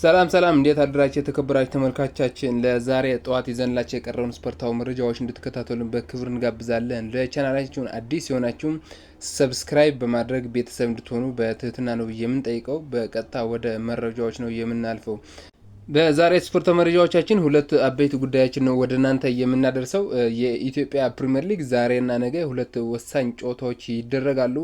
ሰላም ሰላም፣ እንዴት አደራችሁ የተከበራችሁ ተመልካቻችን ለዛሬ ጠዋት ይዘንላችሁ የቀረውን ስፖርታዊ መረጃዎች እንድትከታተሉን በክብር እንጋብዛለን። ለቻናላችሁን አዲስ የሆናችሁም ሰብስክራይብ በማድረግ ቤተሰብ እንድትሆኑ በትህትና ነው የምንጠይቀው። በቀጥታ ወደ መረጃዎች ነው የምናልፈው። በዛሬ ስፖርት መረጃዎቻችን ሁለት አበይት ጉዳዮችን ነው ወደ እናንተ የምናደርሰው። የኢትዮጵያ ፕሪምየር ሊግ ዛሬና ነገ ሁለት ወሳኝ ጨዋታዎች ይደረጋሉ።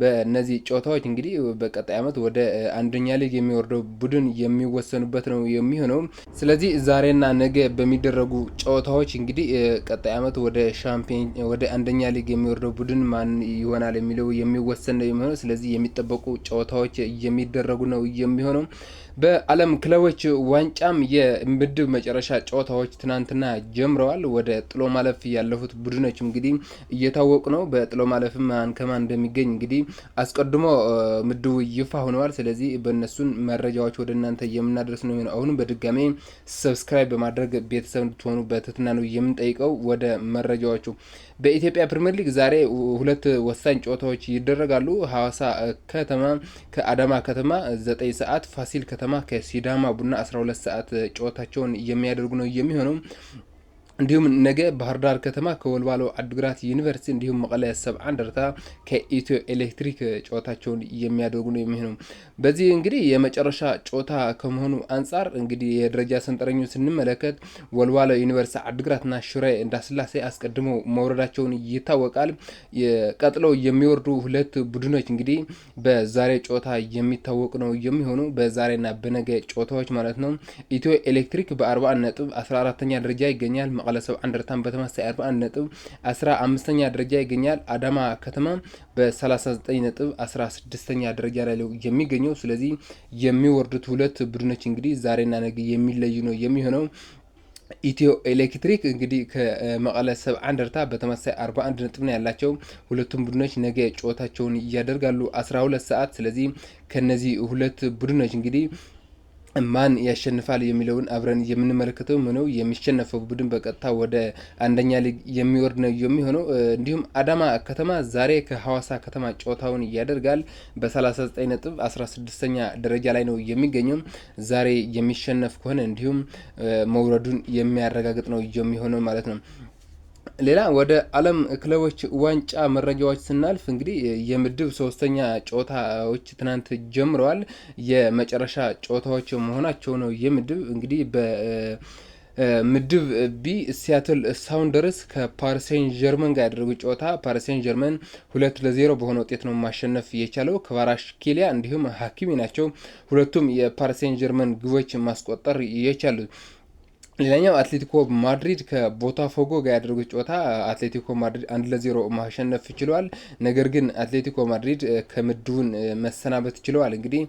በእነዚህ ጨዋታዎች እንግዲህ በቀጣይ ዓመት ወደ አንደኛ ሊግ የሚወርደው ቡድን የሚወሰኑበት ነው የሚሆነው። ስለዚህ ዛሬና ነገ በሚደረጉ ጨዋታዎች እንግዲህ ቀጣይ ዓመት ወደ ሻምፒዮን ወደ አንደኛ ሊግ የሚወርደው ቡድን ማን ይሆናል የሚለው የሚወሰን ነው የሚሆነው። ስለዚህ የሚጠበቁ ጨዋታዎች የሚደረጉ ነው የሚሆነው። በዓለም ክለቦች ዋንጫም የምድብ መጨረሻ ጨዋታዎች ትናንትና ጀምረዋል። ወደ ጥሎ ማለፍ ያለፉት ቡድኖች እንግዲህ እየታወቁ ነው። በጥሎ ማለፍ ማን ከማን እንደሚገኝ እንግዲህ አስቀድሞ ምድቡ ይፋ ሆነዋል። ስለዚህ በእነሱን መረጃዎች ወደ እናንተ የምናደርስ ነው አሁንም በድጋሜ ሰብስክራይብ በማድረግ ቤተሰብ እንድትሆኑ በትህትና ነው የምንጠይቀው። ወደ መረጃዎቹ በኢትዮጵያ ፕሪምየር ሊግ ዛሬ ሁለት ወሳኝ ጨዋታዎች ይደረጋሉ። ሀዋሳ ከተማ ከአዳማ ከተማ ዘጠኝ ሰዓት ፋሲል ከተማ ከተማ ከሲዳማ ቡና 12 ሰዓት ጨዋታቸውን የሚያደርጉ ነው የሚሆነው። እንዲሁም ነገ ባህር ዳር ከተማ ከወልዋሎ አድግራት ዩኒቨርሲቲ እንዲሁም መቀለ ሰብዓ እንደርታ ከኢትዮ ኤሌክትሪክ ጨዋታቸውን የሚያደርጉ ነው የሚሆነው። በዚህ እንግዲህ የመጨረሻ ጨዋታ ከመሆኑ አንጻር እንግዲህ የደረጃ ሰንጠረኙ ስንመለከት ወልዋሎ ዩኒቨርሲቲ አድግራትና ሽረ እንዳስላሴ አስቀድመው መውረዳቸውን ይታወቃል። ቀጥለው የሚወርዱ ሁለት ቡድኖች እንግዲህ በዛሬ ጨዋታ የሚታወቁ ነው የሚሆኑ በዛሬና በነገ ጨዋታዎች ማለት ነው። ኢትዮ ኤሌክትሪክ በ41 ነጥብ 14ኛ ደረጃ ይገኛል። መቀለ ሰብ አንደርታን በተመሳሳይ 41 ነጥብ 15ኛ ደረጃ ይገኛል። አዳማ ከተማ በ39 ነጥብ 16ኛ ደረጃ ላይ የሚገኘው። ስለዚህ የሚወርዱት ሁለት ቡድኖች እንግዲህ ዛሬና ነገ የሚለዩ ነው የሚሆነው። ኢትዮ ኤሌክትሪክ እንግዲህ ከመቀለ ሰብ አንደርታ በተመሳሳይ 41 ነጥብ ነው ያላቸው። ሁለቱም ቡድኖች ነገ ጨዋታቸውን እያደርጋሉ 12 ሰዓት። ስለዚህ ከነዚህ ሁለት ቡድኖች እንግዲህ ማን ያሸንፋል የሚለውን አብረን የምንመለከተው ነው። የሚሸነፈው ቡድን በቀጥታ ወደ አንደኛ ሊግ የሚወርድ ነው የሚሆነው። እንዲሁም አዳማ ከተማ ዛሬ ከሐዋሳ ከተማ ጨዋታውን ያደርጋል። በ39 ነጥብ 16ኛ ደረጃ ላይ ነው የሚገኘው። ዛሬ የሚሸነፍ ከሆነ እንዲሁም መውረዱን የሚያረጋግጥ ነው የሚሆነው ማለት ነው። ሌላ ወደ ዓለም ክለቦች ዋንጫ መረጃዎች ስናልፍ እንግዲህ የምድብ ሶስተኛ ጨዋታዎች ትናንት ጀምረዋል። የመጨረሻ ጨዋታዎች መሆናቸው ነው። የምድብ እንግዲህ በ ምድብ ቢ ሲያትል ሳውንደርስ ከፓሪሴን ጀርመን ጋር ያደረጉ ጨዋታ ፓሪሴን ጀርመን ሁለት ለዜሮ በሆነ ውጤት ነው ማሸነፍ የቻለው። ኬሊያ እንዲሁም ሀኪሚ ናቸው ሁለቱም የፓሪሴን ጀርመን ግቦች ማስቆጠር የቻሉት። ሌላኛው አትሌቲኮ ማድሪድ ከቦታፎጎ ጋር ያደረጉት ጨዋታ አትሌቲኮ ማድሪድ አንድ ለዜሮ ማሸነፍ ችለዋል። ነገር ግን አትሌቲኮ ማድሪድ ከምድቡን መሰናበት ችለዋል። እንግዲህ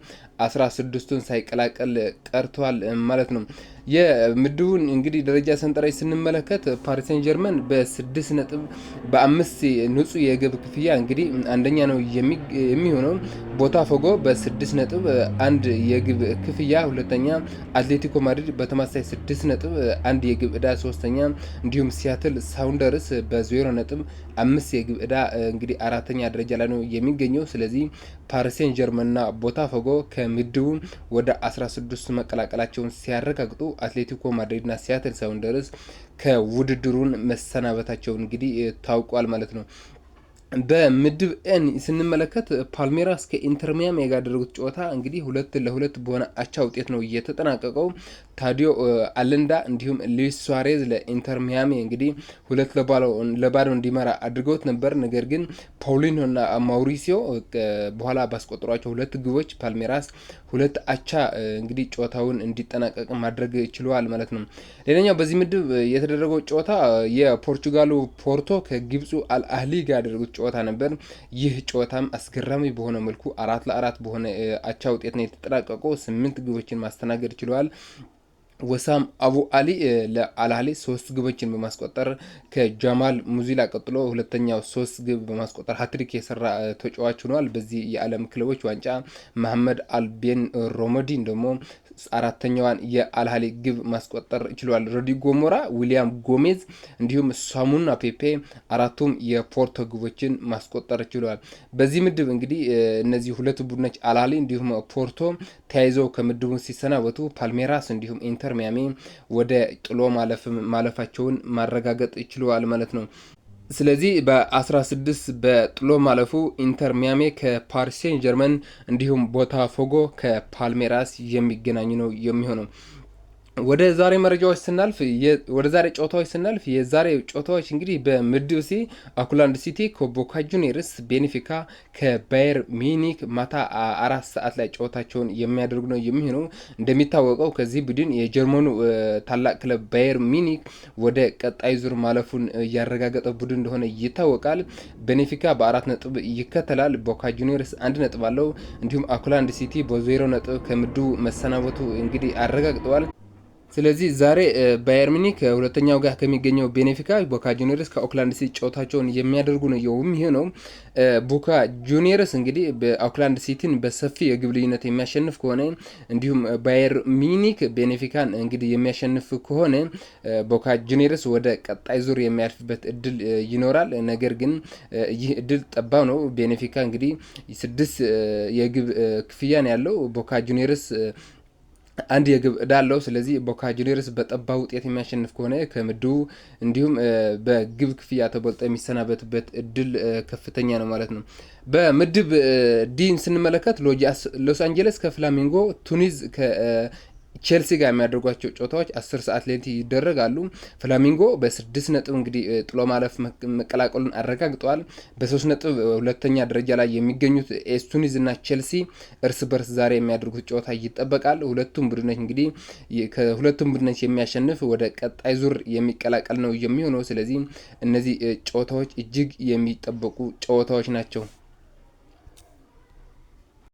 አስራ ስድስቱን ሳይቀላቀል ቀርተዋል ማለት ነው። የምድቡን እንግዲህ ደረጃ ሰንጠረዥ ስንመለከት ፓሪስ ጀርመን በስድስት ነጥብ በአምስት ንጹህ የግብ ክፍያ እንግዲህ አንደኛ ነው የሚሆነው። ቦታ ፎጎ በስድስት ነጥብ አንድ የግብ ክፍያ ሁለተኛ፣ አትሌቲኮ ማድሪድ በተመሳሳይ ስድስት ነጥብ አንድ የግብ እዳ፣ ሶስተኛ፣ እንዲሁም ሲያትል ሳውንደርስ በዜሮ ነጥብ አምስት የግብ እዳ እንግዲህ አራተኛ ደረጃ ላይ ነው የሚገኘው። ስለዚህ ፓሪሴን ጀርመንና ቦታ ፎጎ ከምድቡ ወደ 16 መቀላቀላቸውን ሲያረጋግጡ አትሌቲኮ ማድሪድና ሲያትል ሳውንደርስ ከውድድሩን መሰናበታቸው እንግዲህ ታውቋል ማለት ነው። በምድብ ኤን ስንመለከት ፓልሜራስ ከኢንተር ሚያሚ ጋር ያደረጉት ጨዋታ እንግዲህ ሁለት ለሁለት በሆነ አቻ ውጤት ነው እየተጠናቀቀው። ታዲዮ አለንዳ እንዲሁም ሉዊስ ሱዋሬዝ ለኢንተር ሚያሚ እንግዲህ ሁለት ለባዶ እንዲመራ አድርገውት ነበር። ነገር ግን ፓውሊኖና ማውሪሲዮ በኋላ ባስቆጠሯቸው ሁለት ግቦች ፓልሜራስ ሁለት አቻ እንግዲህ ጨዋታውን እንዲጠናቀቅ ማድረግ ችለዋል ማለት ነው። ሌላኛው በዚህ ምድብ የተደረገው ጨዋታ የፖርቹጋሉ ፖርቶ ከግብፁ አልአህሊ ጋር ያደረጉት ጨዋታ ነበር። ይህ ጨዋታም አስገራሚ በሆነ መልኩ አራት ለአራት በሆነ አቻ ውጤት ነው የተጠናቀቀው። ስምንት ግቦችን ማስተናገድ ችለዋል። ወሳም አቡ አሊ ለአልአህሊ ሶስት ግቦችን በማስቆጠር ከጃማል ሙዚላ ቀጥሎ ሁለተኛው ሶስት ግብ በማስቆጠር ሀትሪክ የሰራ ተጫዋች ሆኗል። በዚህ የዓለም ክለቦች ዋንጫ መሐመድ አልቤን ሮሞዲን ደግሞ አራተኛዋን የአልሃሊ ግብ ማስቆጠር ችሏል። ሮድሪጎ ሞራ፣ ዊሊያም ጎሜዝ እንዲሁም ሳሙና ፔፔ አራቱም የፖርቶ ግቦችን ማስቆጠር ችሏል። በዚህ ምድብ እንግዲህ እነዚህ ሁለት ቡድኖች አልሃሊ እንዲሁም ፖርቶ ተያይዘው ከምድቡ ሲሰናበቱ ፓልሜራስ እንዲሁም ኢንተር ኢንተር ሚያሚ ወደ ጥሎ ማለፋቸውን ማረጋገጥ ችለዋል ማለት ነው። ስለዚህ በ16 በጥሎ ማለፉ ኢንተር ሚያሜ ከፓሪሴን ጀርመን እንዲሁም ቦታ ፎጎ ከፓልሜራስ የሚገናኙ ነው የሚሆነው። ወደ ዛሬ መረጃዎች ስናልፍ ወደ ዛሬ ጨዋታዎች ስናልፍ የዛሬ ጨዋታዎች እንግዲህ በምድብ ሲ አኩላንድ ሲቲ ከቦካ ጁኒየርስ፣ ቤኔፊካ ከባየር ሚኒክ ማታ አራት ሰዓት ላይ ጨዋታቸውን የሚያደርጉ ነው የሚሆነው። እንደሚታወቀው ከዚህ ቡድን የጀርመኑ ታላቅ ክለብ ባየር ሚኒክ ወደ ቀጣይ ዙር ማለፉን ያረጋገጠ ቡድን እንደሆነ ይታወቃል። ቤኔፊካ በአራት ነጥብ ይከተላል። ቦካ ጁኒየርስ አንድ ነጥብ አለው። እንዲሁም አኩላንድ ሲቲ በዜሮ ነጥብ ከምድቡ መሰናበቱ እንግዲህ አረጋግጠዋል። ስለዚህ ዛሬ ባየር ሚኒክ ሁለተኛው ጋር ከሚገኘው ቤኔፊካ ቦካ ጁኒየርስ ከኦክላንድ ሲቲ ጨዋታቸውን የሚያደርጉ ነው የሚሆነው። ቦካ ጁኒየርስ እንግዲህ በኦክላንድ ሲቲን በሰፊ የግብ ልዩነት የሚያሸንፍ ከሆነ እንዲሁም ባየር ሚኒክ ቤኔፊካን እንግዲህ የሚያሸንፍ ከሆነ ቦካ ጁኒየርስ ወደ ቀጣይ ዙር የሚያልፍበት እድል ይኖራል። ነገር ግን ይህ እድል ጠባብ ነው። ቤኔፊካ እንግዲህ ስድስት የግብ ክፍያን ያለው ቦካ ጁኒየርስ አንድ የግብ እዳለው። ስለዚህ ቦካ ጁኒየርስ በጠባብ ውጤት የሚያሸንፍ ከሆነ ከምድቡ እንዲሁም በግብ ክፍያ ተበልጦ የሚሰናበትበት እድል ከፍተኛ ነው ማለት ነው። በምድብ ዲን ስንመለከት ሎስ አንጀለስ ከፍላሚንጎ፣ ቱኒዝ ቼልሲ ጋር የሚያደርጓቸው ጨዋታዎች አስር ሰዓት ሌንቲ ይደረጋሉ። ፍላሚንጎ በስድስት ነጥብ እንግዲህ ጥሎ ማለፍ መቀላቀሉን አረጋግጠዋል። በሶስት ነጥብ ሁለተኛ ደረጃ ላይ የሚገኙት ኤስቱኒዝ እና ቼልሲ እርስ በርስ ዛሬ የሚያደርጉት ጨዋታ ይጠበቃል። ሁለቱም ቡድኖች እንግዲህ ከሁለቱም ቡድኖች የሚያሸንፍ ወደ ቀጣይ ዙር የሚቀላቀል ነው የሚሆነው። ስለዚህ እነዚህ ጨዋታዎች እጅግ የሚጠበቁ ጨዋታዎች ናቸው።